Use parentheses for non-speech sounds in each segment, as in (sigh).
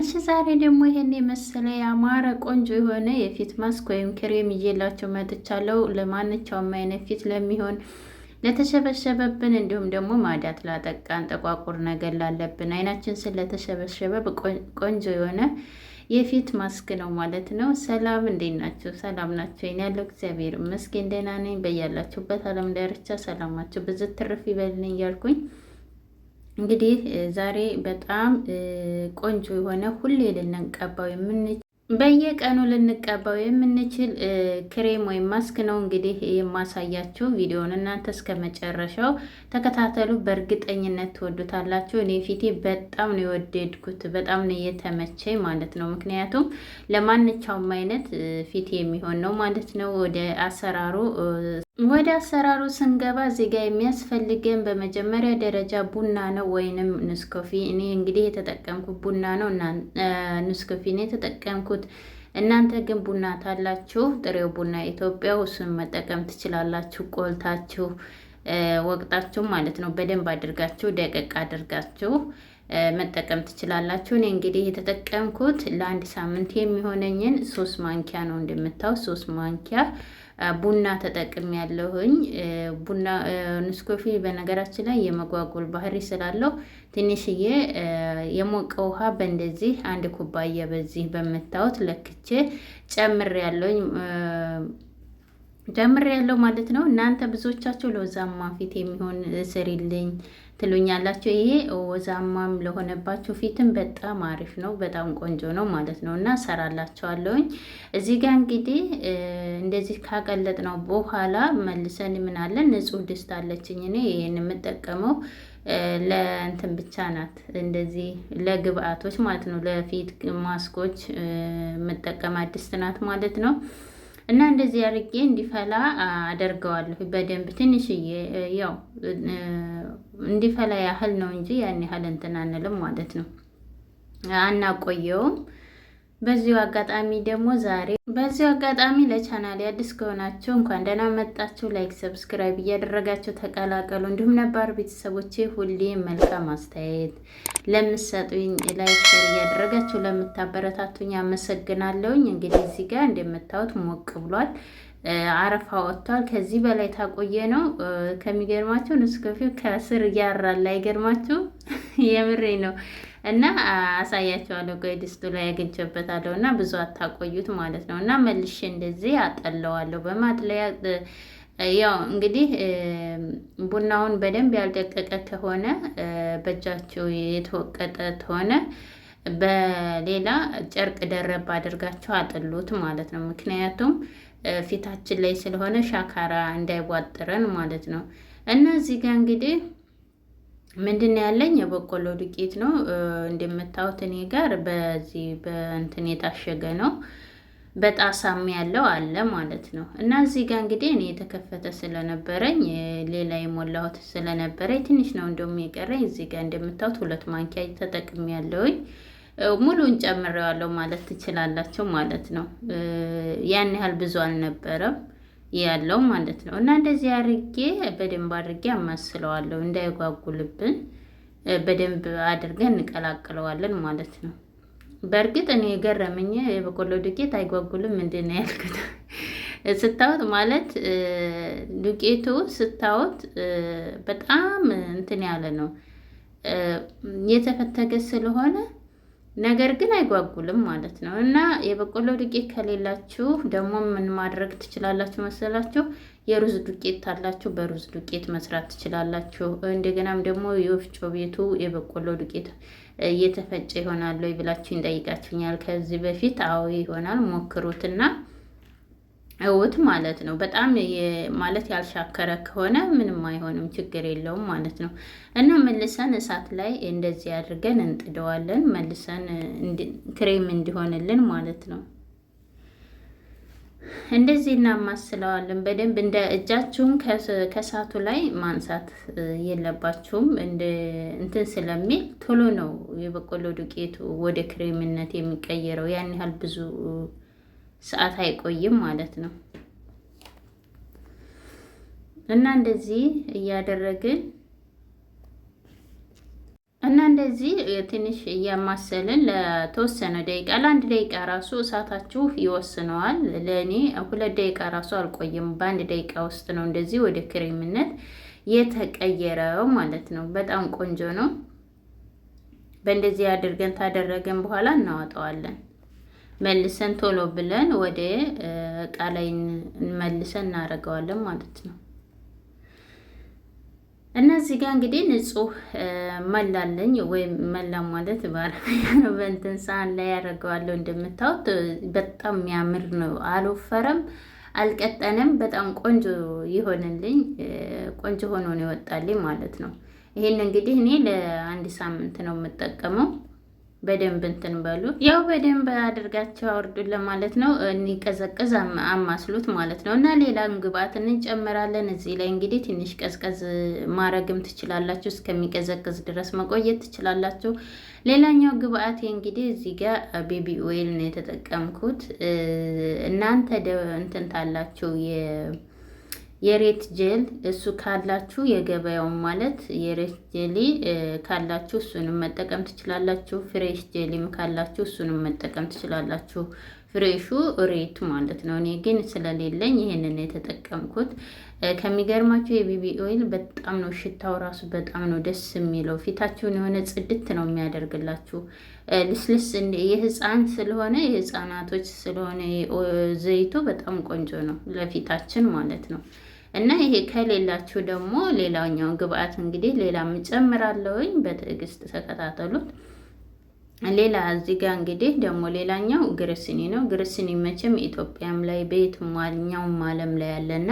እሺ ዛሬ ደግሞ ይሄን የመሰለ ያማረ ቆንጆ የሆነ የፊት ማስክ ወይም ክሬም እየላቸው መጥቻለሁ። ለማንኛውም አይነት ፊት ለሚሆን ለተሸበሸበብን፣ እንዲሁም ደግሞ ማዳት ላጠቃን፣ ጠቋቁር ነገር ላለብን፣ አይናችን ስለተሸበሸበ ቆንጆ የሆነ የፊት ማስክ ነው ማለት ነው። ሰላም እንዴት ናችሁ? ሰላም ናቸው ይን ያለው እግዚአብሔር ይመስገን ደህና ነኝ። በያላችሁበት ዓለም ዳርቻ ሰላማችሁ ብዝት ትርፍ ይበልን እያልኩኝ እንግዲህ ዛሬ በጣም ቆንጆ የሆነ ሁሌ ልንቀባው የምንችል በየቀኑ ልንቀባው የምንችል ክሬም ወይም ማስክ ነው እንግዲህ የማሳያችሁ። ቪዲዮውን እናንተ እስከ መጨረሻው ተከታተሉ። በእርግጠኝነት ትወዱታላችሁ። እኔ ፊቴ በጣም ነው የወደድኩት፣ በጣም ነው የተመቸኝ ማለት ነው። ምክንያቱም ለማንኛውም አይነት ፊቴ የሚሆን ነው ማለት ነው። ወደ አሰራሩ ወደ አሰራሩ ስንገባ ዜጋ የሚያስፈልገን በመጀመሪያ ደረጃ ቡና ነው ወይንም ንስኮፊ። እኔ እንግዲህ የተጠቀምኩት ቡና ነው፣ ንስኮፊ ነው የተጠቀምኩት። እናንተ ግን ቡና ታላችሁ፣ ጥሬው ቡና ኢትዮጵያ፣ እሱን መጠቀም ትችላላችሁ። ቆልታችሁ ወቅጣችሁ ማለት ነው። በደንብ አድርጋችሁ ደቀቅ አድርጋችሁ መጠቀም ትችላላችሁ። እኔ እንግዲህ የተጠቀምኩት ለአንድ ሳምንት የሚሆነኝን ሶስት ማንኪያ ነው። እንደምታው ሶስት ማንኪያ ቡና ተጠቅም ያለሁኝ ቡና ንስኮፊ በነገራችን ላይ የመጓጎል ባህሪ ስላለው ትንሽዬ የሞቀ ውሃ በእንደዚህ አንድ ኩባያ በዚህ በምታዩት ለክቼ ጨምር ያለውኝ ጀምር ያለው ማለት ነው። እናንተ ብዙዎቻችሁ ለወዛማ ፊት የሚሆን ስሪልኝ ትሉኛላችሁ። ይሄ ወዛማም ለሆነባችሁ ፊትም በጣም አሪፍ ነው፣ በጣም ቆንጆ ነው ማለት ነው እና ሰራላችኋለሁኝ። እዚህ ጋር እንግዲህ እንደዚህ ካቀለጥ ነው በኋላ መልሰን ምናለን ንጹህ ድስት አለችኝ እኔ ይህን የምጠቀመው ለእንትን ብቻ ናት። እንደዚህ ለግብአቶች ማለት ነው፣ ለፊት ማስኮች የምጠቀማ ድስት ናት ማለት ነው። እና እንደዚህ አድርጌ እንዲፈላ አደርገዋለሁ። በደንብ ትንሽዬ ያው እንዲፈላ ያህል ነው እንጂ ያን ያህል እንትን አንልም ማለት ነው፣ አናቆየውም። በዚሁ አጋጣሚ ደግሞ ዛሬ በዚሁ አጋጣሚ ለቻናል አዲስ ከሆናችሁ እንኳን ደህና መጣችሁ። ላይክ፣ ሰብስክራይብ እያደረጋችሁ ተቀላቀሉ። እንዲሁም ነባር ቤተሰቦቼ ሁሌ መልካም አስተያየት ለምትሰጡኝ ላይክ ሸር እያደረጋችሁ ለምታበረታቱኝ አመሰግናለሁኝ። እንግዲህ እዚህ ጋር እንደምታዩት ሞቅ ብሏል፣ አረፋ ወጥቷል። ከዚህ በላይ ታቆየ ነው። ከሚገርማችሁ ንስከፊው ከስር እያራል አይገርማችሁ? (laughs) የምሬ ነው። እና አሳያቸዋለሁ። ቆይ ድስቱ ላይ አግኝቼበታለሁ እና ብዙ አታቆዩት ማለት ነው። እና መልሼ እንደዚህ አጠለዋለሁ በማድለያ ያው እንግዲህ ቡናውን በደንብ ያልደቀቀ ከሆነ በእጃችሁ የተወቀጠ ከሆነ በሌላ ጨርቅ ደረብ አድርጋቸው አጥሉት ማለት ነው። ምክንያቱም ፊታችን ላይ ስለሆነ ሻካራ እንዳይቧጥረን ማለት ነው እና እዚህ ጋር እንግዲህ ምንድን ያለኝ የበቆሎ ዱቄት ነው። እንደምታዩት እኔ ጋር በዚህ በእንትን የታሸገ ነው። በጣሳም ያለው አለ ማለት ነው። እና እዚህ ጋር እንግዲህ እኔ የተከፈተ ስለነበረኝ ሌላ የሞላሁት ስለነበረኝ ትንሽ ነው እንደውም የቀረኝ። እዚህ ጋር እንደምታዩት ሁለት ማንኪያ ተጠቅሜ ያለውኝ ሙሉን ጨምሬዋለሁ ማለት ትችላላችሁ ማለት ነው። ያን ያህል ብዙ አልነበረም። ያለው ማለት ነው። እና እንደዚህ አድርጌ በደንብ አድርጌ አማስለዋለሁ እንዳይጓጉልብን በደንብ አድርገን እንቀላቅለዋለን ማለት ነው። በእርግጥ እኔ የገረመኝ የበቆሎ ዱቄት አይጓጉልም ምንድን ነው ያልኩት ስታወት ማለት ዱቄቱ ስታወት በጣም እንትን ያለ ነው የተፈተገ ስለሆነ ነገር ግን አይጓጉልም ማለት ነው። እና የበቆሎ ዱቄት ከሌላችሁ ደግሞ ምን ማድረግ ትችላላችሁ መሰላችሁ? የሩዝ ዱቄት ታላችሁ በሩዝ ዱቄት መስራት ትችላላችሁ። እንደገናም ደግሞ የወፍጮ ቤቱ የበቆሎ ዱቄት እየተፈጨ ይሆናል ወይ ብላችሁ ይጠይቃችሁኛል ከዚህ በፊት። አዎ ይሆናል፣ ሞክሩትና እውት ማለት ነው። በጣም ማለት ያልሻከረ ከሆነ ምንም አይሆንም፣ ችግር የለውም ማለት ነው። እና መልሰን እሳት ላይ እንደዚህ አድርገን እንጥደዋለን፣ መልሰን ክሬም እንዲሆንልን ማለት ነው። እንደዚህ እናማስለዋለን በደንብ እንደ እጃችሁን ከእሳቱ ላይ ማንሳት የለባችሁም። እንትን ስለሚል ቶሎ ነው የበቆሎ ዱቄቱ ወደ ክሬምነት የሚቀየረው ያን ያህል ብዙ ሰዓት አይቆይም ማለት ነው። እና እንደዚህ እያደረግን እና እንደዚህ ትንሽ እያማሰልን ለተወሰነ ደቂቃ ለአንድ ደቂቃ ራሱ እሳታችሁ ይወስነዋል። ለእኔ ሁለት ደቂቃ ራሱ አልቆየም። በአንድ ደቂቃ ውስጥ ነው እንደዚህ ወደ ክሬምነት የተቀየረው ማለት ነው። በጣም ቆንጆ ነው። በእንደዚህ አድርገን ታደረገን በኋላ እናወጣዋለን። መልሰን ቶሎ ብለን ወደ እቃ ላይ መልሰን እናደርገዋለን ማለት ነው። እነዚህ ጋር እንግዲህ ንጹህ መላለኝ ወይም መላ ማለት በአረብኛ ነው። በእንትን ላይ ያደርገዋለሁ። እንደምታዩት በጣም የሚያምር ነው። አልወፈረም፣ አልቀጠንም። በጣም ቆንጆ ይሆንልኝ ቆንጆ ሆኖ ነው ይወጣልኝ ማለት ነው። ይህን እንግዲህ እኔ ለአንድ ሳምንት ነው የምጠቀመው። በደንብ እንትን በሉ ያው በደንብ አድርጋቸው አውርዱን ለማለት ነው። እንዲቀዘቅዝ አማስሉት ማለት ነው። እና ሌላም ግብአት እንጨምራለን እዚህ ላይ እንግዲህ ትንሽ ቀዝቀዝ ማረግም ትችላላችሁ። እስከሚቀዘቅዝ ድረስ መቆየት ትችላላችሁ። ሌላኛው ግብአት እንግዲህ እዚህ ጋር ቤቢ ኦይል ነው የተጠቀምኩት። እናንተ እንትን ታላችሁ የሬት ጀል እሱ ካላችሁ የገበያው ማለት የሬት ጀሊ ካላችሁ እሱንም መጠቀም ትችላላችሁ። ፍሬሽ ጀሊም ካላችሁ እሱንም መጠቀም ትችላላችሁ። ፍሬሹ ሬቱ ማለት ነው። እኔ ግን ስለሌለኝ ይህንን የተጠቀምኩት። ከሚገርማችሁ የቢቢ ኦይል በጣም ነው ሽታው ራሱ በጣም ነው ደስ የሚለው። ፊታችሁን የሆነ ጽድት ነው የሚያደርግላችሁ። ልስልስ የህፃን ስለሆነ የህፃናቶች ስለሆነ ዘይቱ በጣም ቆንጆ ነው ለፊታችን ማለት ነው። እና ይሄ ከሌላችሁ ደግሞ ሌላኛውን ግብአት እንግዲህ ሌላም ጨምራለሁኝ። በትዕግስት ተከታተሉት። ሌላ እዚህ ጋር እንግዲህ ደግሞ ሌላኛው ግርስኒ ነው። ግርስኒ መቼም ኢትዮጵያም ላይ በየትኛውም ዓለም ላይ ያለና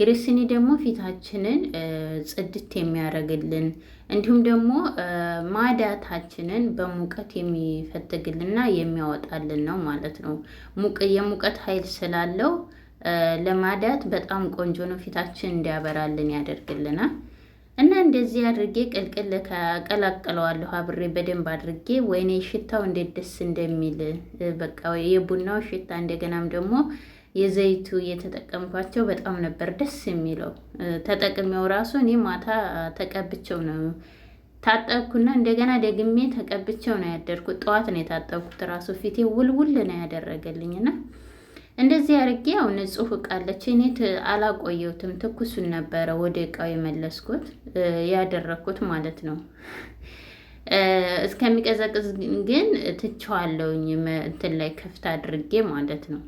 ግርስኒ ደግሞ ፊታችንን ጽድት የሚያደርግልን እንዲሁም ደግሞ ማዳታችንን በሙቀት የሚፈትግልና የሚያወጣልን ነው ማለት ነው። የሙቀት ኃይል ስላለው ለማዳት በጣም ቆንጆ ነው። ፊታችን እንዲያበራልን ያደርግልናል። እና እንደዚህ አድርጌ ቅልቅል ከቀላቀለዋለሁ አብሬ በደንብ አድርጌ። ወይኔ ሽታው እንዴት ደስ እንደሚል በቃ የቡናው ሽታ እንደገናም ደግሞ የዘይቱ እየተጠቀምኳቸው በጣም ነበር ደስ የሚለው። ተጠቅሜው ራሱ እኔ ማታ ተቀብቸው ነው ታጠብኩና እንደገና ደግሜ ተቀብቸው ነው ያደርኩት። ጠዋት ነው የታጠብኩት ራሱ ፊቴ ውልውል ነው ያደረገልኝና እንደዚህ አድርጌ ያው ንጹህ ዕቃ አለች። እኔ አላቆየሁትም፣ ትኩሱን ነበረ ወደ እቃው የመለስኩት ያደረግኩት ማለት ነው። እስከሚቀዘቅዝ ግን ትቸዋለሁኝ እንትን ላይ ክፍት አድርጌ ማለት ነው።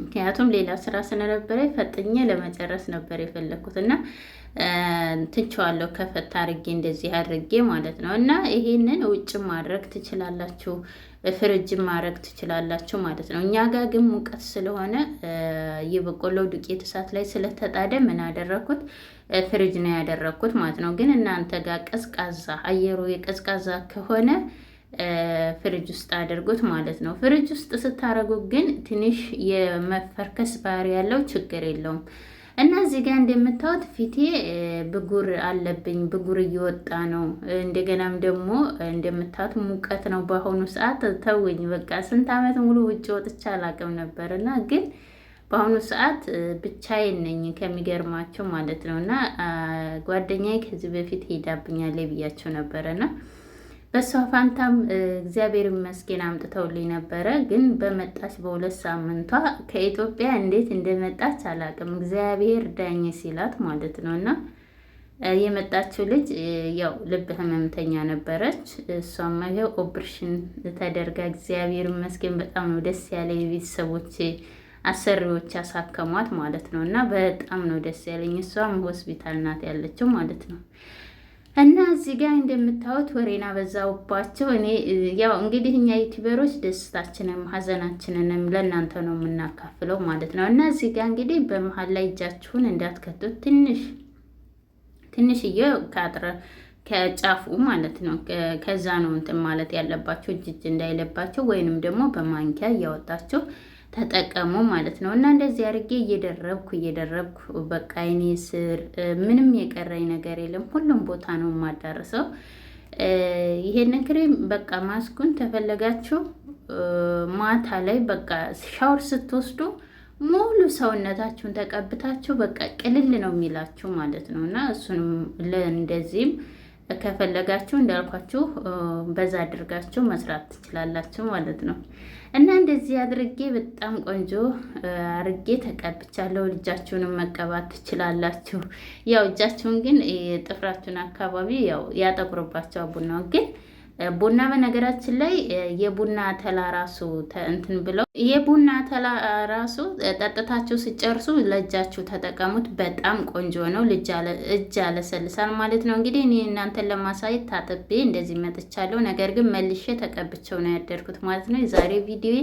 ምክንያቱም ሌላ ስራ ስለነበረ ፈጥኜ ለመጨረስ ነበር የፈለግኩት እና ትችዋለሁ ከፈት አርጌ እንደዚህ አድርጌ ማለት ነው። እና ይሄንን ውጭ ማድረግ ትችላላችሁ፣ ፍርጅ ማድረግ ትችላላችሁ ማለት ነው። እኛ ጋር ግን ሙቀት ስለሆነ የበቆሎ ዱቄት እሳት ላይ ስለተጣደ ምን አደረኩት? ፍርጅ ነው ያደረኩት ማለት ነው። ግን እናንተ ጋር ቀዝቃዛ አየሩ የቀዝቃዛ ከሆነ ፍርጅ ውስጥ አድርጉት ማለት ነው። ፍርጅ ውስጥ ስታደርጉት ግን ትንሽ የመፈርከስ ባህሪ ያለው ችግር የለውም። እና እዚህ ጋር እንደምታዩት ፊቴ ብጉር አለብኝ፣ ብጉር እየወጣ ነው። እንደገናም ደግሞ እንደምታዩት ሙቀት ነው በአሁኑ ሰዓት። ተውኝ በቃ ስንት ዓመት ሙሉ ውጭ ወጥቼ አላቅም ነበር እና ግን በአሁኑ ሰዓት ብቻዬን ነኝ ከሚገርማቸው ማለት ነው። እና ጓደኛዬ ከዚህ በፊት ሄዳብኛል ብያቸው ነበረና በእሷ ፋንታም እግዚአብሔር ይመስገን አምጥተውልኝ ነበረ። ግን በመጣች በሁለት ሳምንቷ ከኢትዮጵያ እንዴት እንደመጣች አላውቅም። እግዚአብሔር ዳኝ ሲላት ማለት ነው። እና የመጣችው ልጅ ያው ልብ ህመምተኛ ነበረች። እሷም ያው ኦፕሬሽን ተደርጋ እግዚአብሔር ይመስገን በጣም ነው ደስ ያለ። የቤተሰቦች አሰሪዎች ያሳከሟት ማለት ነው። እና በጣም ነው ደስ ያለኝ። እሷም ሆስፒታል ናት ያለችው ማለት ነው። እና እዚህ ጋር እንደምታዩት ወሬና በዛውባቸው። እኔ ያው እንግዲህ እኛ ዩቲዩበሮች ደስታችንም ሀዘናችንንም ለእናንተ ነው የምናካፍለው ማለት ነው። እና እዚህ ጋር እንግዲህ በመሀል ላይ እጃችሁን እንዳትከቱት ትንሽ ትንሽዬ ከአጥረ ከጫፉ ማለት ነው። ከዛ ነው እንትን ማለት ያለባቸው እጅ እጅ እንዳይለባቸው ወይንም ደግሞ በማንኪያ እያወጣቸው ተጠቀሙ ማለት ነው። እና እንደዚህ አድርጌ እየደረብኩ እየደረብኩ በቃ አይኔ ስር ምንም የቀረኝ ነገር የለም። ሁሉም ቦታ ነው የማዳርሰው። ይሄንን ክሬም በቃ ማስኩን ተፈለጋችሁ ማታ ላይ በቃ ሻወር ስትወስዱ ሙሉ ሰውነታችሁን ተቀብታችሁ በቃ ቅልል ነው የሚላችሁ ማለት ነው እና እሱንም ለእንደዚህም ከፈለጋችሁ እንዳልኳችሁ በዛ አድርጋችሁ መስራት ትችላላችሁ ማለት ነው። እና እንደዚህ አድርጌ በጣም ቆንጆ አርጌ ተቀብቻለሁ። እጃችሁንም መቀባት ትችላላችሁ። ያው እጃችሁን ግን ጥፍራችሁን አካባቢ ያው ያጠቁርባቸው ቡናው ግን ቡና በነገራችን ላይ የቡና ተላ ራሱ እንትን ብለው የቡና ተላ ራሱ ጠጥታችሁ ስጨርሱ ለእጃችሁ ተጠቀሙት። በጣም ቆንጆ ነው። እጅ ያለሰልሳል ማለት ነው። እንግዲህ እኔ እናንተን ለማሳየት ታጥቤ እንደዚህ መጥቻለሁ። ነገር ግን መልሼ ተቀብቸው ነው ያደርኩት ማለት ነው። የዛሬ ቪዲዮ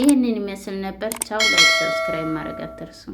ይህንን ይመስል ነበር። ቻው። ላይክ፣ ሰብስክራይብ ማድረግ አትርሱ።